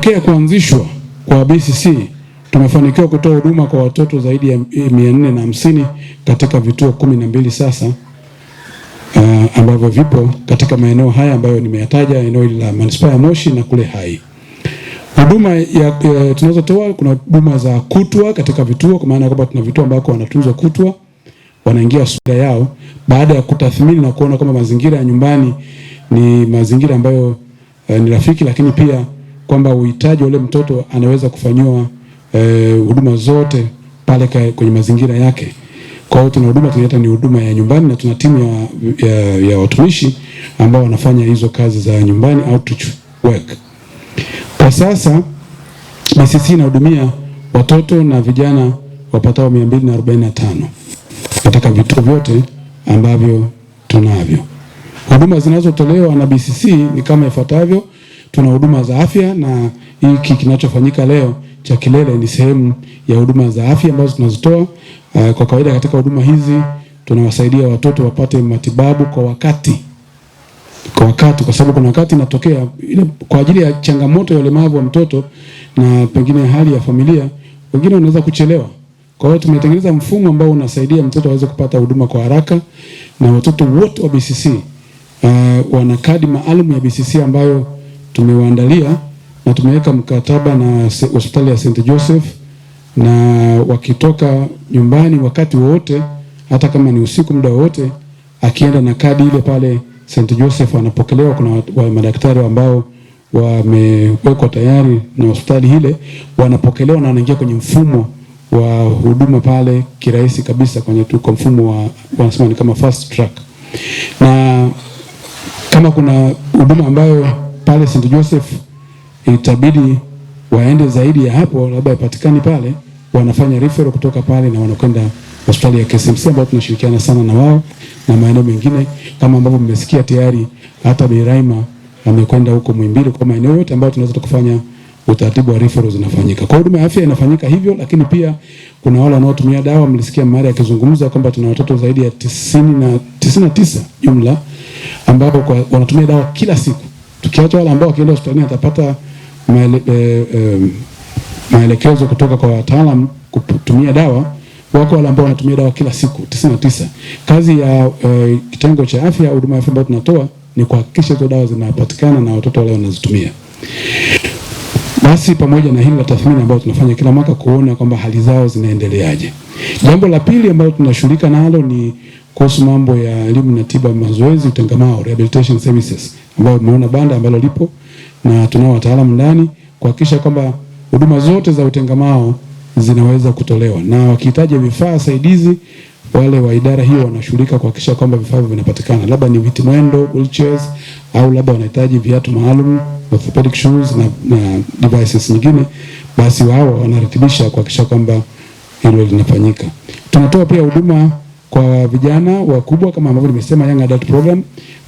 Tokea kuanzishwa kwa BCC tumefanikiwa kutoa huduma kwa watoto zaidi ya mia nne na hamsini katika vituo kumi na mbili sasa uh, ambavyo vipo katika maeneo haya ambayo nimeyataja, eneo hili la manispaa ya Moshi na kule Hai. Huduma ya e, tunazotoa kuna huduma za kutwa katika vituo, kwa maana kwamba tuna vituo ambako wanatunzwa kutwa, wanaingia sura yao baada ya kutathmini na kuona kwamba mazingira ya nyumbani ni mazingira ambayo uh, ni rafiki, lakini pia kwamba uhitaji wa ule mtoto anaweza kufanyiwa eh, huduma e, zote pale kwenye mazingira yake. Kwa hiyo tuna huduma tunaita ni huduma ya nyumbani na tuna timu ya, ya, ya watumishi ambao wanafanya hizo kazi za nyumbani outreach work. Kwa sasa BCC inahudumia watoto na vijana wapatao 245 katika vituo vyote ambavyo tunavyo. Huduma zinazotolewa na BCC ni kama ifuatavyo tuna huduma za afya na hiki kinachofanyika leo cha Kilele ni sehemu ya huduma za afya ambazo tunazitoa. Uh, kwa kawaida katika huduma hizi tunawasaidia watoto wapate matibabu kwa wakati kwa wakati, kwa sababu kuna wakati inatokea kwa ajili ya changamoto ya ulemavu wa mtoto na pengine hali ya familia, wengine wanaweza kuchelewa. Kwa hiyo tumetengeneza mfumo ambao unasaidia mtoto aweze kupata huduma kwa haraka, na watoto wote wa BCC uh, ah, wana kadi maalum ya BCC ambayo tumewaandalia na tumeweka mkataba na hospitali ya St Joseph, na wakitoka nyumbani wakati wowote, hata kama ni usiku, muda wowote, akienda na kadi ile pale St Joseph anapokelewa. Kuna wa madaktari ambao wamewekwa tayari na hospitali ile, wanapokelewa na wanaingia kwenye mfumo wa huduma pale kirahisi kabisa, kwenye kwa mfumo wa wanasema ni kama fast track, na kama kuna huduma ambayo pale St. Joseph itabidi waende zaidi ya hapo, labda ipatikani pale, wanafanya referral kutoka pale na wanakwenda hospitali ya KCMC ambayo tunashirikiana sana na wao na maeneo mengine, kama ambavyo mmesikia tayari hata Bi amekwenda huko Muhimbili, kwa maeneo yote ambayo tunaweza tukafanya utaratibu wa referral zinafanyika. Kwa huduma ya afya inafanyika hivyo, lakini pia kuna wale wanaotumia dawa. Mlisikia mara akizungumza kwamba tuna watoto zaidi ya tisini na tisa jumla ambao wanatumia dawa kila siku Tukiacha wale ambao wakienda hospitalini atapata maele, e, e, maelekezo kutoka kwa wataalam kutumia dawa. Wako wale ambao wanatumia dawa kila siku 99. Kazi ya e, kitengo cha afya, huduma ya afya ambayo tunatoa ni kuhakikisha hizo dawa zinapatikana na watoto wale wanazitumia. Basi pamoja na hili la tathmini ambayo tunafanya kila mwaka kuona kwamba hali zao zinaendeleaje. Jambo la pili ambalo tunashughulika nalo ni kuhusu mambo ya elimu na tiba, mazoezi utengamao, rehabilitation services ambao tumeona banda ambalo lipo na tunao wataalamu ndani kuhakikisha kwamba huduma zote za utengamao zinaweza kutolewa, na wakihitaji vifaa saidizi wale wa idara hiyo wanashughulika kuhakikisha kwamba vifaa vinapatikana, labda ni viti mwendo wheelchairs, au labda wanahitaji viatu maalum orthopedic shoes na, na devices nyingine, basi wao wanaratibisha kuhakikisha kwamba hilo linafanyika. Tunatoa pia huduma kwa vijana wakubwa kama ambavyo nimesema young adult program,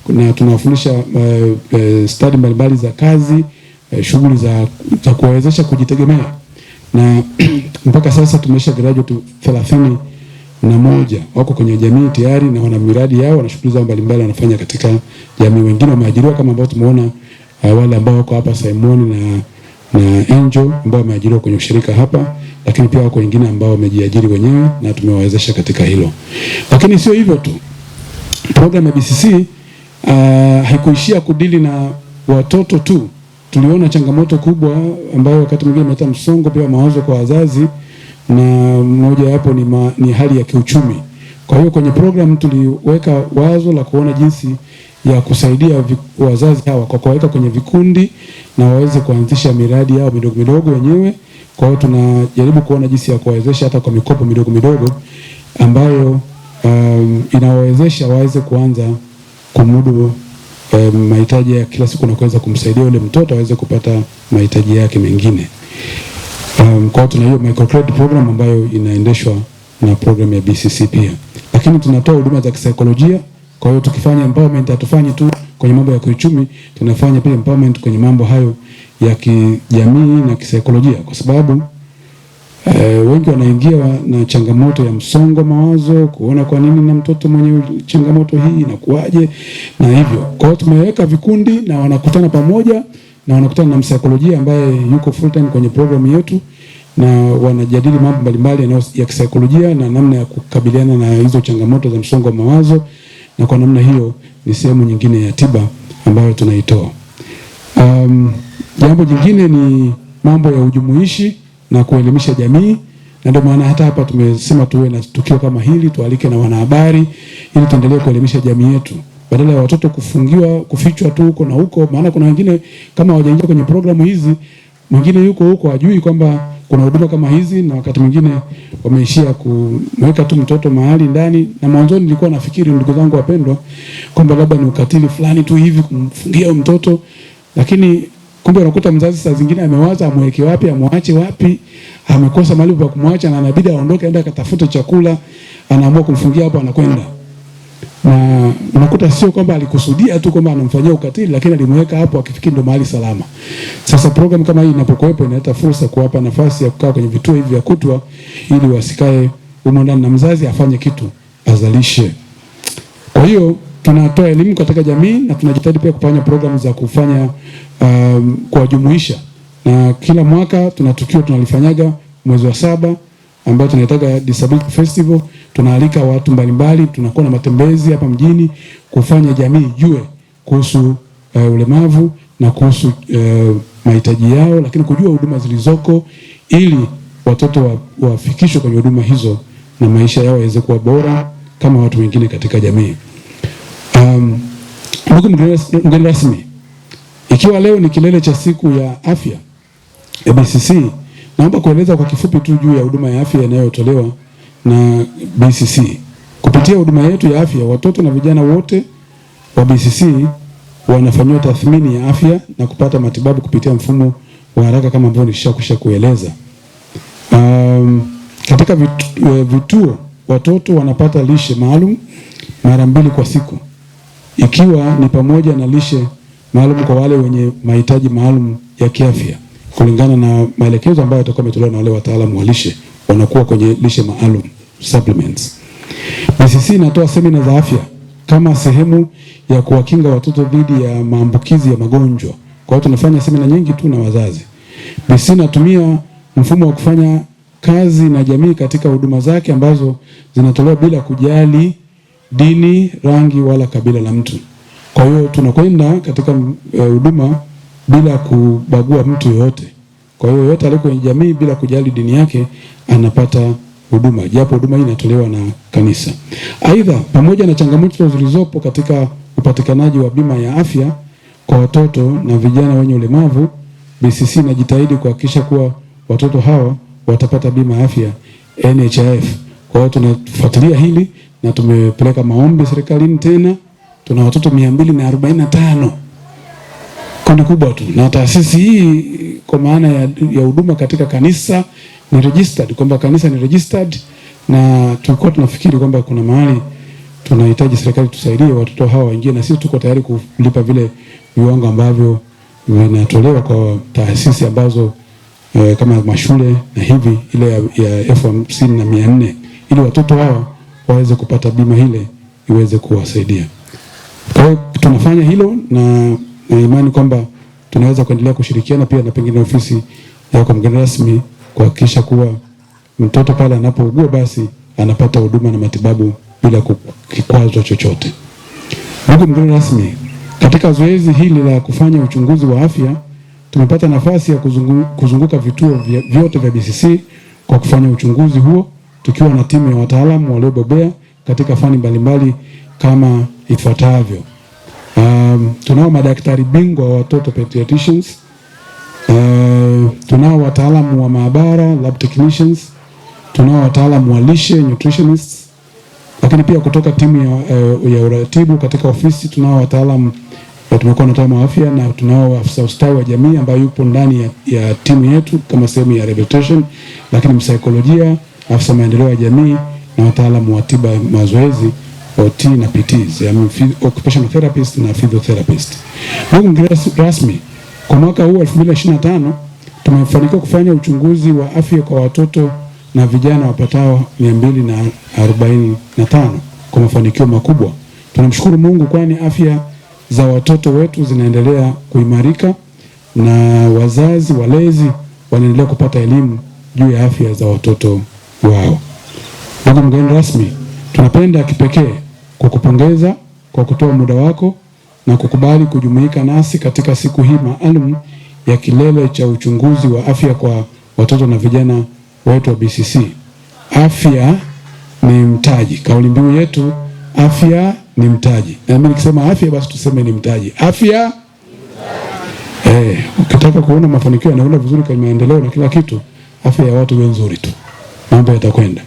na tunawafundisha uh, eh, uh, eh, stadi mbalimbali za kazi uh, shughuli za, za kuwawezesha kujitegemea na mpaka sasa tumesha graduate thelathini na moja wako kwenye jamii tayari na wana miradi yao, na shughuli zao mbalimbali wanafanya katika jamii. Wengine wameajiriwa kama ambao tumeona uh, wale ambao wako hapa Simon na na Angel ambao wameajiriwa kwenye ushirika hapa lakini pia wako wengine ambao wamejiajiri wenyewe na tumewawezesha katika hilo. Lakini sio hivyo tu, program ya BCC uh, haikuishia kudili na watoto tu. Tuliona changamoto kubwa ambayo wakati mwingine imeleta msongo pia mawazo kwa wazazi, na mmoja wapo ni, ma, ni hali ya kiuchumi. Kwa hiyo kwenye program tuliweka wazo la kuona jinsi ya kusaidia wazazi hawa kwa kuwaweka kwenye vikundi na waweze kuanzisha miradi yao midogo midogo wenyewe kwa hiyo tunajaribu kuona jinsi ya kuwawezesha hata kwa mikopo midogo midogo ambayo um, inawawezesha waweze kuanza kumudu um, mahitaji ya kila siku na kuweza kumsaidia yule mtoto aweze kupata mahitaji yake mengine. Um, kwa hiyo tuna hiyo microcredit program ambayo inaendeshwa na program ya BCC pia, lakini tunatoa huduma za kisaikolojia. Kwa hiyo tukifanya empowerment, hatufanyi tu kwenye mambo ya kiuchumi, tunafanya pia empowerment kwenye mambo hayo ya kijamii na kisaikolojia, kwa sababu e, wengi wanaingia na changamoto ya msongo mawazo, kuona kwa nini na mtoto mwenye changamoto hii inakuwaje na hivyo. Kwa tumeweka vikundi na wanakutana pamoja na wanakutana na msaikolojia ambaye yuko full time kwenye programu yetu na wanajadili mambo mbalimbali ya kisaikolojia na namna ya kukabiliana na hizo changamoto za msongo wa mawazo, na kwa namna hiyo ni sehemu nyingine ya tiba ambayo tunaitoa. Um, jambo jingine ni mambo ya ujumuishi na kuelimisha jamii, na ndio maana hata hapa tumesema tuwe na tukio kama hili, tualike na wanahabari ili tuendelee kuelimisha jamii yetu badala ya watoto kufungiwa kufichwa tu huko na huko. Maana kuna wengine kama hawajaingia kwenye programu hizi, mwingine yuko huko ajui kwamba kuna huduma kama hizi, na wakati mwingine wameishia kuweka tu mtoto mahali ndani. Na mwanzoni nilikuwa nafikiri, ndugu zangu wapendwa, kwamba labda ni ukatili fulani tu hivi kumfungia mtoto, lakini kumbe unakuta mzazi saa zingine amewaza amweke wapi, amwache wapi, amekosa mahali pa kumwacha na anabidi aondoke aende akatafute chakula, anaamua kumfungia hapo, anakwenda na unakuta sio kwamba alikusudia tu kwamba anamfanyia ukatili, lakini alimweka hapo akifikiri ndo mahali salama. Sasa program kama hii inapokuwepo, inaleta fursa kuwapa nafasi ya kukaa kwenye vituo hivi vya kutwa, ili wasikae humo ndani na mzazi afanye kitu azalishe. Kwa hiyo tunatoa elimu katika jamii na tunajitahidi pia kufanya programu za kufanya um, kuwajumuisha, na kila mwaka tuna tukio tunalifanyaga mwezi wa saba ambayo tunaitaga Disability Festival. Tunaalika watu mbalimbali, tunakuwa na matembezi hapa mjini kufanya jamii jue kuhusu uh, ulemavu na kuhusu uh, mahitaji yao, lakini kujua huduma zilizoko ili watoto wafikishwe wa kwenye huduma hizo na maisha yao yaweze kuwa bora kama watu wengine katika jamii. Huku mgeni rasmi, ikiwa leo ni kilele cha siku ya afya BCC, naomba kueleza kwa kifupi tu juu ya huduma ya afya inayotolewa na BCC. Kupitia huduma yetu ya afya, watoto na vijana wote wa BCC wanafanyiwa tathmini ya afya na kupata matibabu kupitia mfumo wa haraka kama ambavyo nilishakwisha kueleza. Um, katika vitu, eh, vituo watoto wanapata lishe maalum mara mbili kwa siku ikiwa ni pamoja na lishe maalum kwa wale wenye mahitaji maalum ya kiafya kulingana na maelekezo ambayo yatakuwa yametolewa na wale wataalamu wa lishe wanakuwa kwenye lishe maalum supplements. BCC inatoa semina za afya kama sehemu ya kuwakinga watoto dhidi ya maambukizi ya magonjwa. Kwa hiyo tunafanya semina nyingi tu na wazazi. BCC inatumia mfumo wa kufanya kazi na jamii katika huduma zake ambazo zinatolewa bila kujali dini, rangi wala kabila la mtu. Kwa hiyo tunakwenda katika eh, huduma uh, bila kubagua mtu yoyote. Kwa hiyo yote aliko kwenye jamii bila kujali dini yake anapata huduma, japo huduma hii inatolewa na kanisa. Aidha, pamoja na changamoto zilizopo katika upatikanaji wa bima ya afya kwa watoto na vijana wenye ulemavu, BCC inajitahidi kuhakikisha kuwa watoto hawa watapata bima ya afya NHIF kwa hiyo tunafuatilia hili na tumepeleka maombi serikalini tena. Tuna watoto mia mbili na arobaini na tano kundi kubwa tu, na taasisi hii kwa maana ya ya huduma katika kanisa ni registered, kwamba kanisa ni registered, na tulikuwa tunafikiri kwamba kuna mahali tunahitaji serikali tusaidie watoto hawa waingie, na sisi tuko tayari kulipa vile viwango ambavyo vinatolewa kwa taasisi ambazo e, kama mashule na hivi ile ya elfu hamsini na mia nne ili watoto hawa waweze kupata bima ile iweze kuwasaidia. Kwa hiyo tunafanya hilo na, na imani kwamba tunaweza kuendelea kushirikiana pia na pengine ofisi ya kwa mgeni rasmi kuhakikisha kuwa mtoto pale anapougua basi anapata huduma na matibabu bila kikwazo chochote. Ndugu mgeni rasmi, katika zoezi hili la kufanya uchunguzi wa afya tumepata nafasi ya kuzungu, kuzunguka vituo vyote vya BCC kwa kufanya uchunguzi huo tukiwa na timu ya wataalamu waliobobea katika fani mbalimbali kama ifuatavyo. Um, tunao madaktari bingwa wa watoto pediatricians. Uh, tunao wataalamu wa maabara lab technicians, tunao wataalamu wa lishe nutritionists, lakini pia kutoka timu ya, eh, ya uratibu katika ofisi tunao wataalamu eh, tumekuwa na wataalamu wa afya na tunao afisa ustawi wa jamii ambayo yupo ndani ya, ya timu yetu kama sehemu ya rehabilitation, lakini msaikolojia afisa maendeleo ya jamii na wataalamu wa tiba ya mazoezi OT na PT, yani occupational therapist na physiotherapist. Ndugu mgeni rasmi, kwa mwaka huu 2025 tumefanikiwa kufanya uchunguzi wa afya kwa watoto na vijana wapatao 245 kwa mafanikio makubwa. Tunamshukuru Mungu kwani afya za watoto wetu zinaendelea kuimarika na wazazi walezi wanaendelea kupata elimu juu ya afya za watoto wao. Ndugu mgeni rasmi, tunapenda kipekee kukupongeza kwa kutoa muda wako na kukubali kujumuika nasi katika siku hii maalum ya kilele cha uchunguzi wa afya kwa watoto na vijana wetu wa BCC. Afya ni mtaji, kauli mbiu yetu afya ni mtaji. Na mimi nikisema afya basi tuseme ni mtaji. Afya eh, ukitaka kuona mafanikio yanaenda vizuri kwenye maendeleo na kila kitu, afya ya watu we nzuri tu. mambo yatakwenda.